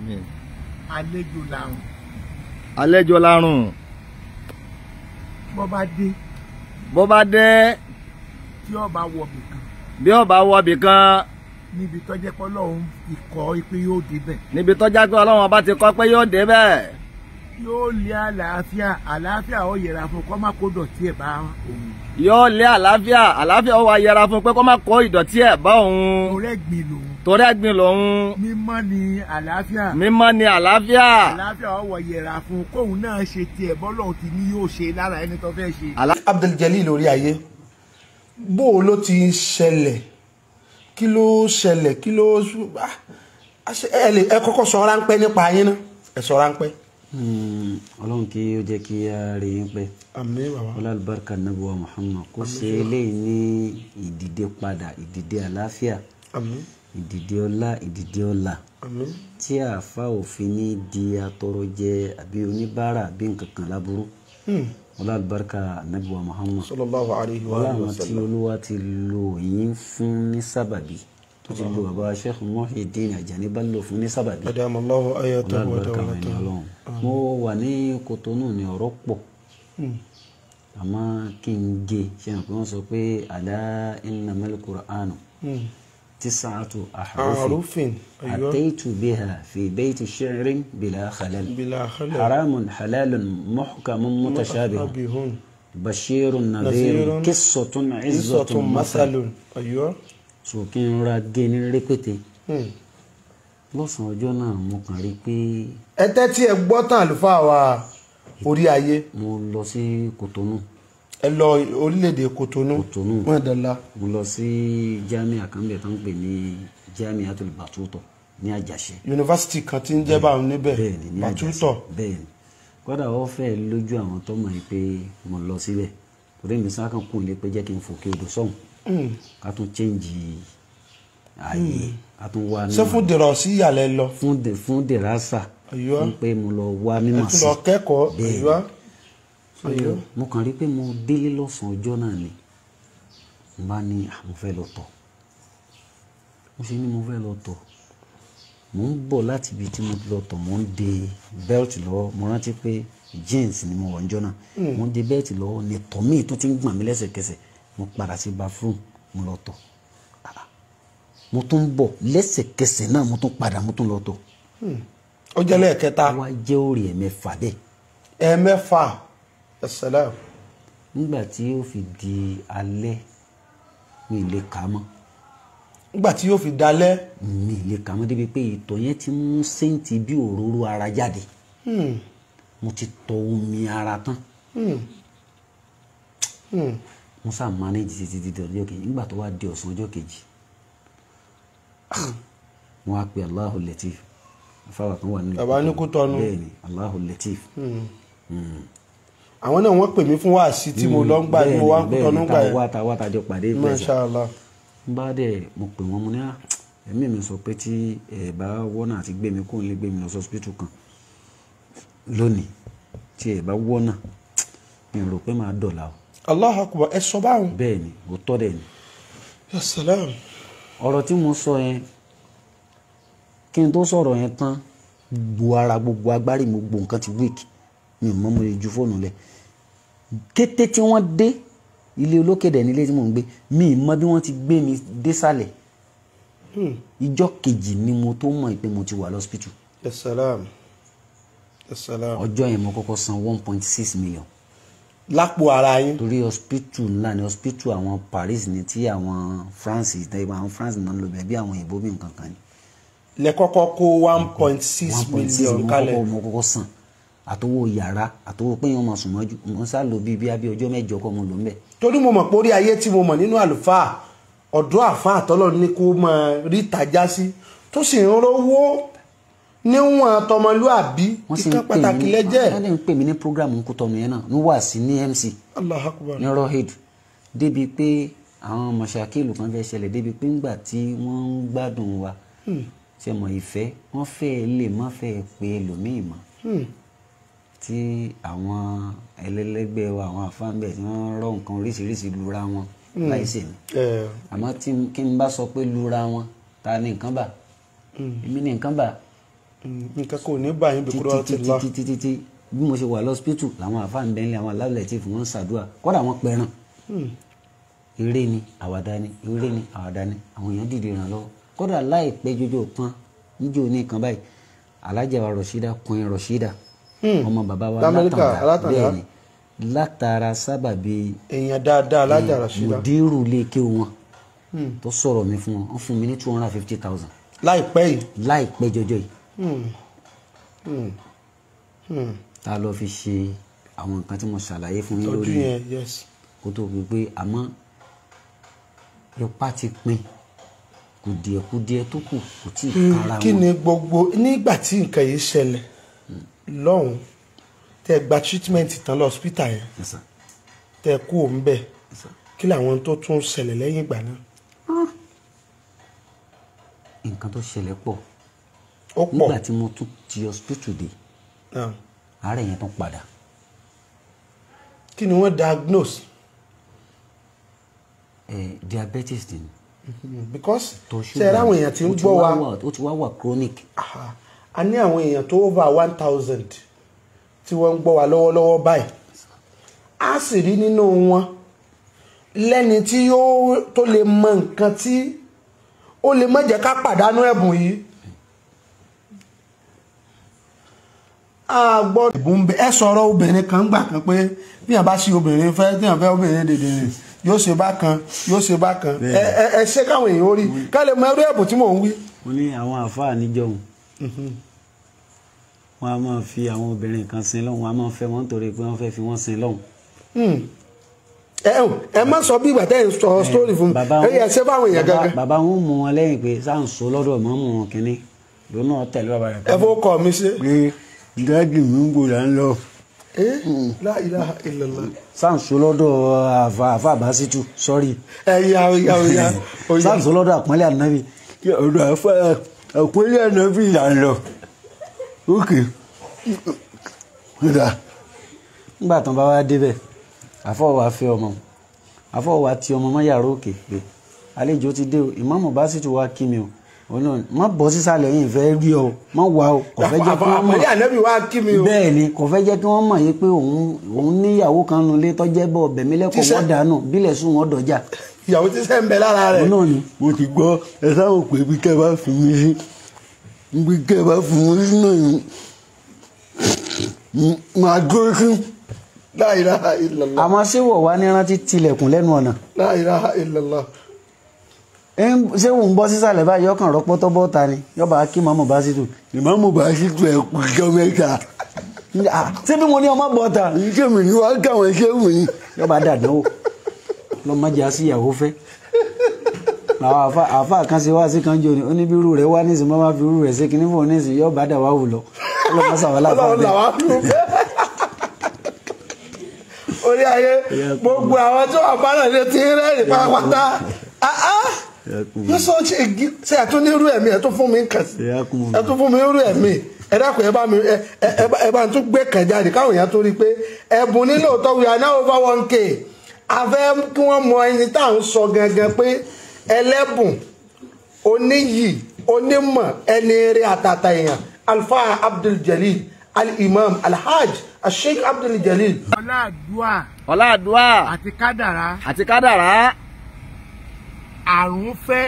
àmín. àlejò làrùn. àlejò làrùn. bó bá dé. bó bá dé. tí ọba wọ bìkan. bí ọba wọ bìkan níbi tọ́jẹ́ pé ọlọ́run ti kọ́ pé yóò débẹ̀. níbi tọ́jẹ́ pé ọlọ́run ọba ti kọ́ pé yóò débẹ̀. yóò lé àlàáfíà àlàáfíà ó yẹra fún kó má kó ìdọ̀tí ẹ̀ bá òun. yóò lé àlàáfíà àlàáfíà ó wá yẹra fún pé kó má kó ìdọ̀tí ẹ̀ bá òun. mo rẹ́ gbìn lòun torí ẹ̀gbin lòun. mímọ́ ni àlàáfíà. mímọ́ ni àlàáfíà. àlàáfíà ọwọ́ yẹra fún kóun náà ṣe tiẹ̀ bọ́lọ́hún ti ní yóò ṣe lára ẹni tó fẹ́ ṣe. Abdul Jalil lórí ayé bó o ló ti ṣẹlẹ̀ kí ló ṣẹlẹ̀ kí ló ah! ẹ kọ́kọ́ sọ ráńpẹ́ nípa ayé náà ẹ sọ ráńpẹ́. Hmm, Ọlọ́run kí ó jẹ́ kí a rí yín pẹ́ ọlọ́lùbáríkà nàbọ̀ Muhammad kó ṣe eléyìí ní ìdìde padà ìdìde àlàáfíà. Àmín ìdìde ọlá ìdìde ọlà tí àáfà òfin ní di atọrọjẹ àbí oníbàárà àbí nǹkan kan láburú hmm. ọlá àlùbáríkà anabiwa muhammad sallallahu alayhi wa sallam ọlá àwọn tí olúwa ti lò yín fún ní sábàbí tó ti lo bàbá sheikh muhyiddin ajani bá lò fún ní sábàbí ọlá àlùbáríkà wọn ni Ọlọ́run mo wà ní kotonu ní ọ̀rọ̀ pọ̀ hmm. àmọ́ kí n gé ṣe hàn pé wọn sọ pé àlá innamal qur'anu. Hmm. تسعة أحرف أيوة. أتيت بها في بيت شعر بلا خلل بلا خلل حرام حلال محكم متشابه بشير نذير قصة عزة مثل أيوة so kí n ra gé ní rẹpẹtẹ lọ́sàn-án ọjọ́ náà mo kàn rí pé. ẹ tẹ́tí ẹ gbọ́ tán àlùfáà wa orí ayé. mo lọ sí Kòtónù ẹ lọ orílẹ̀-èdè Kòtónú Kòtónú mọ̀dàlá. mo lọ sí jamiu akambe tó ń pè ní jamiu atul batuto ní àjàṣe. yunifásitì kan ti ń jẹ́ báwọn níbẹ̀ batuto. bẹ́ẹ̀ni kódà ó fẹ́ lójú àwọn tó mọ̀ pé mo lọ síbẹ̀ torí mi sá kan kún ilé pé jẹ́ kí n fòkè odò sọ́hùn hmm. ká tún chẹ́ǹjì ààyè hmm. ká tún wá mímọ̀. ṣé fún dèrò sí ìyàlẹ́ lọ. fún dèrò àṣà fún pé mo lọ wá mímọ̀ sí. àti lọ kẹ́kọ̀ọ́ àyíwá mo kàn rí i pé mo délé lọ́sàn-án ọjọ́ náà ni mo bá ní mo fẹ́ lọ tọ̀ mo ṣe ní mo fẹ́ lọ tọ̀ mo ń bọ̀ láti ibi tí mo lọ tọ̀ mo ń de belt lọ́wọ́ mo rántí pé jeans ni mo wọ̀ níjọ́ náà hmm. mo ń de belt lọ́wọ́ ni tọ̀mí tó ti ń gbọ̀n mí lẹ́sẹ̀kẹsẹ̀ mo padà sí bathroom mo lọ tọ̀ mo tún ń bọ̀ lẹ́sẹ̀kẹsẹ̀ náà mo tún padà mo tún lọ tọ̀. Hmm. ó jẹ́ lẹ́ẹ̀kẹta. wá jẹ́ òrì ẹ̀mẹ́fà bẹ́ẹ̀. ẹ̀mẹ́fà asalaam. nígbà tí yóò fi di alẹ́ mi lè kà á mọ́. nígbà tí yóò fi dalẹ́. mi lè kà á mọ́ débi pé ìtọ̀ yẹn ti mú séǹtì bí òróró ara jáde. Hmm. mo ti tọ omi ara tán. Hmm. Hmm. mo sá manage títí di ọjọ́ kejì nígbà tó wá di ọ̀sán ọjọ́ kejì. Ah. mo wá pe Allahu Latif afáwà kan wà nílùú. bàbá ní bẹ́ẹ̀ ni Allahu Latif àwọn náà wọ́n pè mí fún wáàsí tí mo hmm, lọ ń gbà yìí mo wá tọ́nú gbà yìí. bẹ́ẹ̀ni bẹ́ẹ̀ni táwa tájọ pàdé ìpẹ́sà Mashallah. n bá dẹ̀ mo pè wọ́n mo ní à ah, ẹ̀mí mi sọ pé tí ẹ̀ bá wọ́nà àti gbé mi kó n lè gbé mi lọ sọ́sibítù kan lónìí tí ẹ̀ bá wọ́nà mi rò pé máa dọ̀la o. Allahu Akbar ẹ sọ báwọn. bẹ́ẹ̀ni mo tọ́ dẹ̀ ni. yasalam. ọ̀rọ̀ tí mo sọ yẹn kí n tó sọ̀rọ̀ yẹn tán gbogbo ara gbogbo agbárí mo gbogbo nǹkan ti wíìkì mi ò mọ̀ mo lè ju fóònù lẹ̀ kété tí wọ́n dé ilé olókè nílé tí mò ń gbé mi ì mọ̀ bí wọ́n ti gbé mi désàlẹ̀ ìjọ́ hmm. kejì ni mo tó mọ̀ pé mo ti wà lọ́sípítù. ọjọ́ yẹn mo kọ́kọ́ san one point six million. lápò ara yín. torí hospital ńlá ni hospital àwọn Paris ni tí àwọn France àwọn France náà ló bẹ̀ bí àwọn òyìnbó mi nǹkan kan ni. lẹ kọ́kọ́ kó one point six million kalẹ̀. mo kọ́kọ́ san àtọwọ́ yàrá àtọwọ́ pé wọ́n máa sùn mọ́jú wọ́n sá lò bíi bíi ọjọ́ mẹ́jọ kọ́ mo lò ń bẹ̀. torí mo mọ̀ pé orí ayé tí mo mọ̀ nínú àlùfáà ọ̀dọ́ àfa àtọ́lọ́ ní kó máa rí ìtajà sí tó sì ń rówó níwọ̀n tọmọlúàbí kíkan pàtàkì lẹ́jẹ̀. wọ́n sì ń pè mí ní programu nkútọ́nu yẹn náà ní wàásì ní MC ní rohid débi pé àwọn mọ̀ṣákìlù kan fẹ́ ṣẹlẹ̀ débi pé ńgbà tí wọ́n ń gbádùn wa hmm. ṣe mọ̀ ìfẹ́ wọ́n fẹ́ lè má fẹ́ pe ẹlòmíì mọ́ hmm tí àwọn ẹlẹ́lẹ́gbẹ́ wa àwọn àfáàbẹ̀ tí wọ́n rọ nǹkan oríṣiríṣi lura wọn hmm. láì ṣe mí eh. àmọ́ tí kí n bá sọ pé lura wọn ta ni nǹkan bà hmm. èmi ni nǹkan bà. Hmm. nǹkan kò ní báyìí bí kúrò ti la títí bí mo ṣe wà lọ́sípítù làwọn àfáàbẹ̀ ńlẹ̀ àwọn alábìlẹ̀ tí wọ́n ń ṣàdúrà kọ́dà wọ́n pẹran eré ni àwàdà ni eré ni àwàdà ni àwọn èèyàn dìde ràn lọ́wọ́ kọ́dà láìpẹ́ jọjọ́ kan níjó ní kan báyìí alájà wa rọ̀ṣídà kùn rọ̀ṣídà Hmm. ọmọ bàbá wa látàndá bẹ́ẹ̀ ni látara sábàbí èèyàn dáadáa hmm. látara ṣíra mùdírù lékè wọn hmm. tó sọ̀rọ̀ mi fún wọn wọ́n fún mi ní two hundred and fifty thousand. láìpẹ́ yìí. láìpẹ́ jọjọ yìí. ta ló fi ṣe àwọn nǹkan tí mo ṣàlàyé fún yín lórí kó tó gbé pé àmọ́ ipa ti pin kùdìẹ̀kùdìẹ̀ tó kù kò tí ì kára wọn. kí ni gbogbo nígbà tí nǹkan yìí ṣẹlẹ̀ lọ́hùn tẹ gba treatment tán lọ hospital yẹn tẹ kú òun bẹ kí làwọn tó tún ṣẹlẹ̀ lẹ́yìn ìgbà náà. Ah. nǹkan tó ṣẹlẹ̀ pọ̀ ó pọ̀ nígbà tí mo tún ti hospital dé ah. àárẹ̀ yẹn tún padà. kí ni wọ́n diagnose. Eh, diabetes ni. Mm-hmm. because ṣe é ráwọn èèyàn ti ń gbọ́ wa. o ti wá wà chronic. Aha a ní àwọn èèyàn tó over one thousand tí wọ́n ń gbọ́ wa lọ́wọ́lọ́wọ́ báyìí a sì rí nínú wọn lẹ́ni tí yóò tó lè mọ nǹkan tí ó lè má jẹ́ ká pàdánù ẹ̀bùn yìí a gbọ́dọ̀ ẹ̀bùn ẹ sọ̀rọ̀ obìnrin kan gbà kan pé bí yàn bá sí obìnrin fẹ́ tí yàn fẹ́ obìnrin dèdè rìn yóò ṣe bákan yóò ṣe bákan ẹ ẹ ṣe káwọn èèyàn ó rí ká lè mọ ẹrú ẹ̀bùn tí mò ń wí. mo ní àwọn àáfàá níjọ́ òun wọ́n á máa fi àwọn obìnrin kan sin lọ́hùn wọ́n á máa fẹ́ wọn nítorí pé wọ́n fẹ́ fi wọ́n sin lọ́hùn. Hmm. ẹ má sọ bí ìgbà tẹ́ ẹ sọ sórí fún mi ẹ yẹ ṣé fáwọn èèyàn gangan. bàbá wọn mú wọn lẹ́yìn pé sáà ń so lọ́dọ̀ mọ́ mú wọn kínní lónà tẹ̀lé bàbá rẹ̀. ẹ fọwọ́ kọ mi ṣe. pé dáàdì mi ń gbò là ń lọ. láìláha ìlàlá. sáà ń so lọ́dọ̀ àfa àfa àbásítù sọ́rí. ẹ yà ó yà ó yà. sáà ń so lọ́dọ̀ àpọ́nlé ànábì akwai yana fi ìdánilọ òkè kódà. nígbà tán bá wá débẹ̀ àfọwà fẹ́ ọmọ àfọwà ti ọmọ mọ́ yàrá òkè pé àlejò ti dé o ìmáàmù bá sì ti wá kí mi o òun náà má bọ́ sísàlẹ̀ yìí fẹ́ rí ọ má wà o kò fẹ́ jẹ́ kí wọ́n mọ̀ bẹ́ẹ̀ ni kò fẹ́ jẹ́ kí wọ́n mọ̀ yìí pé òun òun níyàwó kan nulẹ̀ tọ́jẹ́ bọ̀ bẹ̀mílẹ̀ kọ̀ wọ́n dànù bílẹ̀ sùn ìyàwó tí sẹ́ ń bẹ lára rẹ̀. náà ni mo ti gbọ́ ẹ sáwọn pé bí kẹ́ bá fún mi sí bí kẹ́ bá fún mi sí náà ni màá dúró sí láìláha ìlàlá. àmọ́ ṣé wọ̀ wá ní rántí tilẹ̀kùn lẹ́nu ọ̀nà. láìláha ìlàlá. ṣé wò ń bọ́ sísàlẹ̀ báyìí ọkàn rọpọ́tọ́ bọ́ta ni yọba kí màmú bá sí tù. ìmàmù bá sí tù ẹ̀ kú jọ mẹ́ta ṣé bí mo ní ọmọ bọ̀ ta. ìṣe mi ni wàá kàwọn ṣé mi. yọba dàdánwò lọ́mọdé àṣìyàwó fẹ́ làwọn àfa àfa kan ṣe wá sí kan jò ní oníbírú rẹ̀ wá nísìn mọ́ máa fi irú rẹ̀ ṣe kí nífọ̀ọ́ nísìn yóò bá dàwa wù lọ ọlọ́mọ sàwálà fún mi. orí ayé gbogbo àwọn tó wà bá náà lè ti rẹ́rìn pátápátá ah, ah. nísọ ṣe ẹtún ní irú ẹ̀mí ẹtún fún mi kàn sí ẹtún fún mi irú ẹ̀mí ẹ dákun ẹ bá mi ẹ bá mi tún gbé kàn jáde káwọn èèyàn tó rí i pé ẹ̀bùn nílò tọ́wọ́ yà náà over one k a fẹ́ kí wọ́n mọ ẹni tá à ń sọ gangan pé ẹlẹ́bùn oníyì onímọ̀ ẹni eré àtàtà èèyàn alfa abdul jalil alimam alhaj asheik abdul jalil. ọládùá ọládùá àti kádàrá àti kádàrá. àrùn fẹ́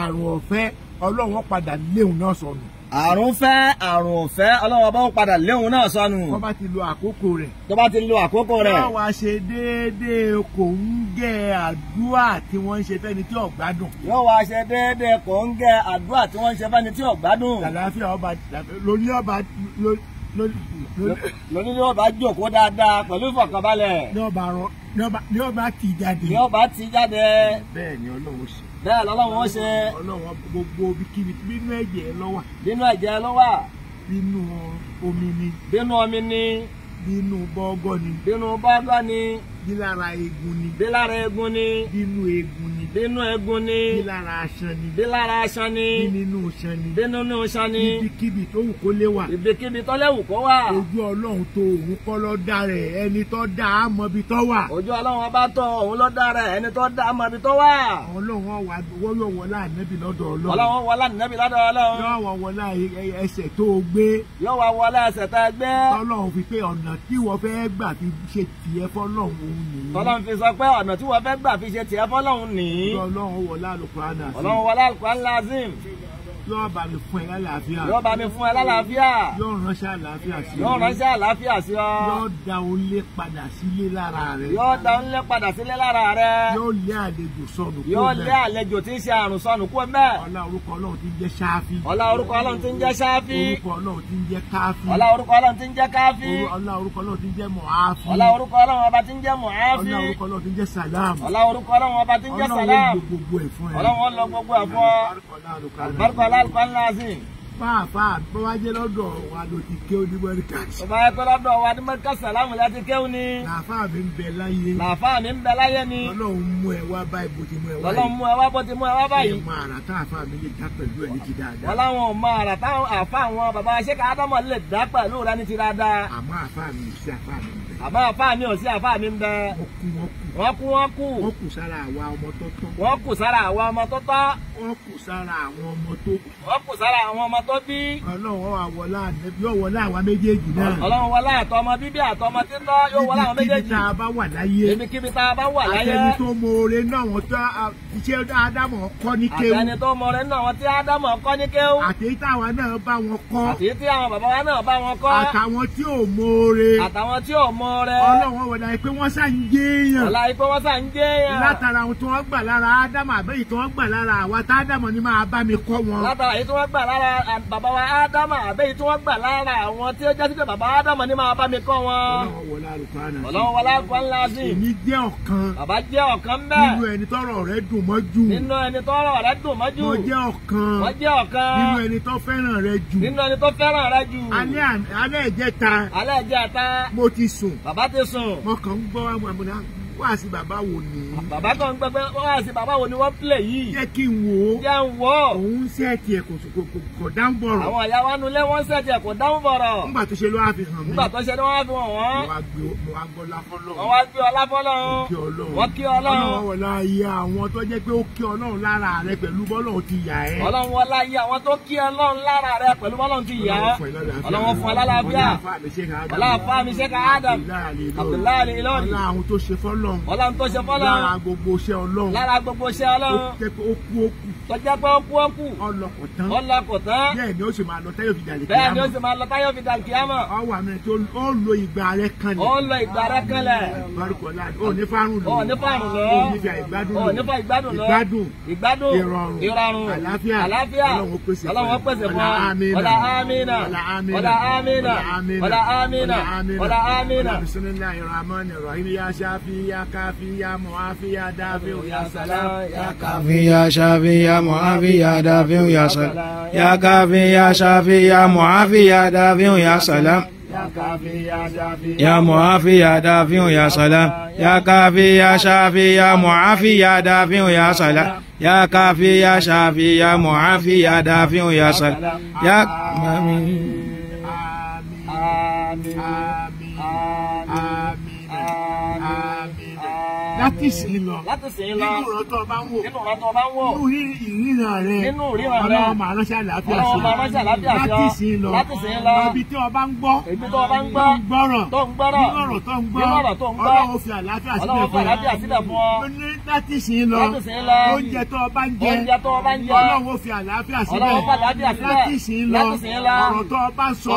àrùn ọ̀fẹ́ ọlọ́run padà léwu náà sọnù àrùn fẹ́ àrùn fẹ́ ọlọ́wọ́ bá ó padà léhun náà sọnù. tó bá ti lo àkókò rẹ̀. tó bá ti lo àkókò rẹ̀. yóò wá ṣe déédéé kò ń gẹ àdúrà tí wọ́n ń ṣe fẹ́ni tí ò gbádùn. yóò wá ṣe déédéé kò ń gẹ àdúrà tí wọ́n ń ṣe fẹ́ni tí ò àlàáfíà ọba lóní ọba lóní ní ọba jókòó dáadáa pẹ̀lú ìfọ̀kànbalẹ̀. ní ọba ti jáde. ní ọba ti jáde. bẹ́ẹ̀ ni Ọlọ́run ṣe bẹ́ẹ̀ lọ́lọ́wọ́n ṣe. ọlọ́wọ́n gbogbo ibikíbi nínú ẹ̀jẹ̀ lọ́wà. nínú ẹ̀jẹ̀ lọ́wà. bínú omi ni. bínú omi ni. bínú bọ́gọ́ ni. bínú bọ́gọ́ ni bí lára egun ni. bí lára egun ni. bínú egun ni. bínú egun ni. bí lára aṣan ni. bí lára aṣan ni. bí nínú iṣan ni. bí nínú iṣan ni. ibikíbi tó wù kó lé wà. ibikíbi tó lẹ́wù kó wa ojú ọlọ́run tó òun kọ́ lọ dá rẹ̀ ẹni tó dá a mọ ibi tó wà. ojú ọlọ́run ọba tó òun lọ dá rẹ̀ ẹni tó dá a mọ ibi tó wà. ọlọ́run wọ́yọ̀ wọlá ànábì lọ́dọ̀ ọlọ́run. ọlọ́run wọlá ànábì lọ́dọ̀ ọlọ́run. yóò tọ́lọ́run fi sọ pé ọ̀nà tí wọ́n fẹ́ gbà fi ṣe tiẹ̀ fọ́lọ́run nìyí ọlọ́run wọlé àlùkò àná ọlọ́run wọlé àlùkò àná lazim yóò bá mi fún ẹ lálàáfíà. yóò bá mi fún ẹ lálàáfíà. yóò ránṣẹ́ àlàáfíà sí ọ. yóò ránṣẹ́ àlàáfíà sí ọ. yóò da olé padà sílé lára rẹ. yóò da olé padà sílé lára rẹ. yóò lé àlejò sọnù kó mẹ́. yóò lé àlejò tí ń ṣe àrùn sọnù kó mẹ́. ọlá orúkọ ọlọ́run ti ń jẹ́ ṣááfì. ọlá orúkọ ọlọ́run ti ń jẹ́ ṣááfì. orúkọ ọlọ́run ti ń jẹ́ káfí. ọlá orúkọ ọlọ́run ti ń jẹ́ káfí. ọlá orúkọ ọlọ́run ti ń jẹ́ mọ̀áfí. ọlá orúkọ ọlọ́run ọba ti ń jẹ́ mọ̀áfí. ọlá orúkọ ọlọ́run alálùpàlà sí. fàáfà bó wá jẹ́ lọ́dọ̀ wa ló ti kéwù ní mọ́ríkàsì. bó bá yẹ pé lọ́dọ̀ wa ní mọ́ríkàsì aláwọ̀ láti kéwù ni. làáfà mi ń bẹ láyé. làáfà mi ń bẹ láyé ni. ọlọ́run mú ẹ wá báyìí bó ti mú ẹ wá yìí. ọlọ́run mú ẹ wá bó ti mú ẹ wá báyìí. ìmọ̀ àrà tá àfà mi lè dá pẹ̀lú ẹ ní ti dáadáa. ọlọ́run mọ àrà tá àfà àwọn bàbá ṣẹ́ka ádámọ̀ lè dá pẹ̀lú rẹ ní ti dáadáa. àmọ́ àfà mi ò sí àfà mi ń bẹ. àmọ́ àfà mi ò sí àfà mi ń wọ́n kú wọ́n kú. wọ́n kù sára àwa ọmọ tó wọ́n kù sára àwa ọmọ tó wọ́n kù sára àwọn ọmọ tó bí. wọ́n kù sára àwọn ọmọ tó bí. ọlọ́run wà wọlá yóò àwa méjèèjì náà. ọlọ́run wọlá àtọmọ bíbí àtọmọ títọ́ yóò wọlá àwọn méjèèjì. ibi kíbi tá a bá wà láyé. ibi kíbi tá a bá wà láyé. àtẹni tó mọ̀ọ́rẹ́ náà wọ́n tó iṣẹ́ ádámọ̀ kọ́ ní kéwú. àtẹni tó mọ̀ọ́rẹ́ náà wọ́n tí ádámọ̀ kọ́ ní kéwú. àtẹ̀yí ìpọ́n wọ́n sàn ń jẹ́ yàn. látara ohun tí wọ́n gbà lára ádámù àbẹ́yì tí wọ́n gbà lára àwa tá ádámù ni máa bá mi kọ́ wọn. látara èyí tí wọ́n gbà lára bàbá wa ádámù àbẹ́yì tí wọ́n gbà lára àwọn tí ó já sí pé bàbá ádámù ni máa bá mi kọ́ wọn. ọlọ́run wọlé àlùkò ńlá sí. èmi jẹ́ ọ̀kan. bàbá jẹ́ ọ̀kan bẹ́ẹ̀. nínú ẹni tọ́rọ̀ rẹ̀ dùn mọ́jú. nínú ẹni tọ́rọ̀ rẹ̀ dùn mọ́jú. mo jẹ́ ọ̀kan. mo jẹ́ ọ̀kan. nínú ẹni tó fẹ́ràn rẹ̀ jù. nínú ẹni tó fẹ́ràn rẹ̀ jù. alẹ́ ìjẹta. alẹ́ ìjẹta. mo ti sùn. bàbá ti sùn. mo kàn ń gbọ́ àwọn àmúna wá sí bàbá wo ni. bàbá kan ń gbẹgbẹ wá sí bàbá wo ni wọ́n pilẹ̀ yìí. jẹ́ kí n wò ó. jẹ́ n wò ó. òun sẹ́ẹ̀tì ẹ̀ kò kò dáhùn bọ̀rọ̀. àwọn àyà wa nulẹ̀ wọ́n sẹ́ẹ̀tì ẹ̀ kò dáhùn bọ̀rọ̀. nígbà tó ṣe ló wá fi hàn mí. nígbà tó ṣe ló wá fi hàn wọ́n. mo wá gbé mo wá gbọ́ láfọ́lọ́. mo wá gbé ọláfọ́lọ́. wọ́n kí ọlọ́run. ọlọ́run wọlá iye àwọn tó jẹ́ pé ó kí ọlọ́run lára rẹ pẹ̀lú bọ́lọ́run ti yà ẹ́. ọlọ́run wọlá iye àwọn tó kí ọlọ́run lára rẹ pẹ̀lú bọ́lọ́run ti yà ẹ́. ọlọ́run fún ọlá láàbíà. ọlá àfa mi ṣe ká ádàm. àbùlá àlè ìlọrin. ọlá àwọn tó ṣe fọ́l fọ́lọ́run. ọlá ń tó ṣe fọ́lọ́run. lára gbogbo iṣẹ́ ọlọ́run. lára gbogbo iṣẹ́ ọlọ́run. ó kú ó kú. tọ́jà pé ó kú ó kú. ọlọ́kọ̀ tán. ọlọ́kọ̀ tán. bẹ́ẹ̀ ni ó sì máa lọ táyọ̀ fi dàlẹ́ kíámọ̀. bẹ́ẹ̀ ni ó sì máa lọ táyọ̀ fi dàlẹ́ kíámọ̀. ọwọ́ àmì tó ó lo ìgbà rẹ kanlẹ̀. ó lo ìgbà rẹ kanlẹ̀. barikọ̀lá ò ní fárùn lọ. ò ní fárùn lọ. ò ní fi àìgbádùn lọ. ò ní fi àìgbádùn lọ. ìgbádùn. ìgbádùn. ìrọ̀rùn. ìrọ̀rùn. àlàáfíà. àlàáfíà. ọlọ́run pèsè fún wa. ọlá amina. ọlá amina. ọlá amina. ọlá amina. ọlá amina. ọlá amina. bismillahir rahmanir rahim ya shafi يا كافي يا معافي يا دافع يا سلام يا كافي يا شافي يا معافي يا دافع يا سلام يا كافي يا شافي يا معافي يا دافع يا سلام يا معافي يا دافع يا سلام يا كافي يا شافي يا معافي يا دافع يا سلام يا كافي يا شافي يا معافي يا دافع يا سلام يا آمين آمين láti sìn lọ nínú ọ̀rọ̀ tó bá ń wò nínú ìríra rẹ ọlọ́wọ́ máa ránṣẹ́ àlàáfíà sí láti sìn lọ ibi tí ọba ń gbọ́ tó ń gbọ́rọ̀ nínú ọ̀rọ̀ tó ń gbọ́ ọlọ́wọ́ fi àlàáfíà sílẹ̀ fún ọ láti sìn lọ oúnjẹ tó o bá ń jẹ ọlọ́run ó fi àlàáfíà sílẹ̀ láti sìn lọ ọ̀rọ̀ tó o bá ń sọ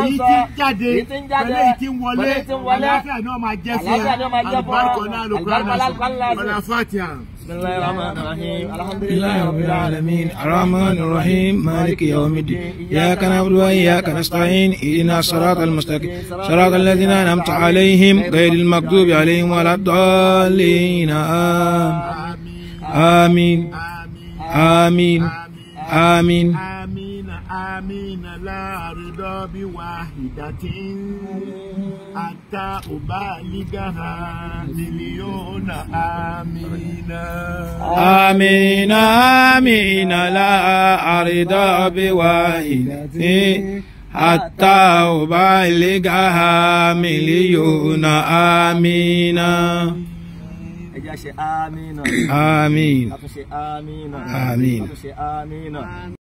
èyí tí ń jáde pẹ̀lú èyí tí ń wọlé àlàáfíà náà máa jẹ́ fún ẹ alùpàkọ̀ náà lùkúrọ̀ náà sọ ọ̀làfàtìyà. بسم الله الرحمن الرحيم الحمد لله رب العالمين الرحمن الرحيم مالك يوم الدين إياك نعبد وإياك نستعين اهدنا الصراط المستقيم صراط الذين أنعمت عليهم غير المغضوب عليهم ولا الضالين آمين آمين آمين آمين لا رضا بواحدة حتى أبالغها مليون آمين آمين آمين لا أرضى بواحدتي حتى أبالغها مليون آمين آمين آمين آمين آمين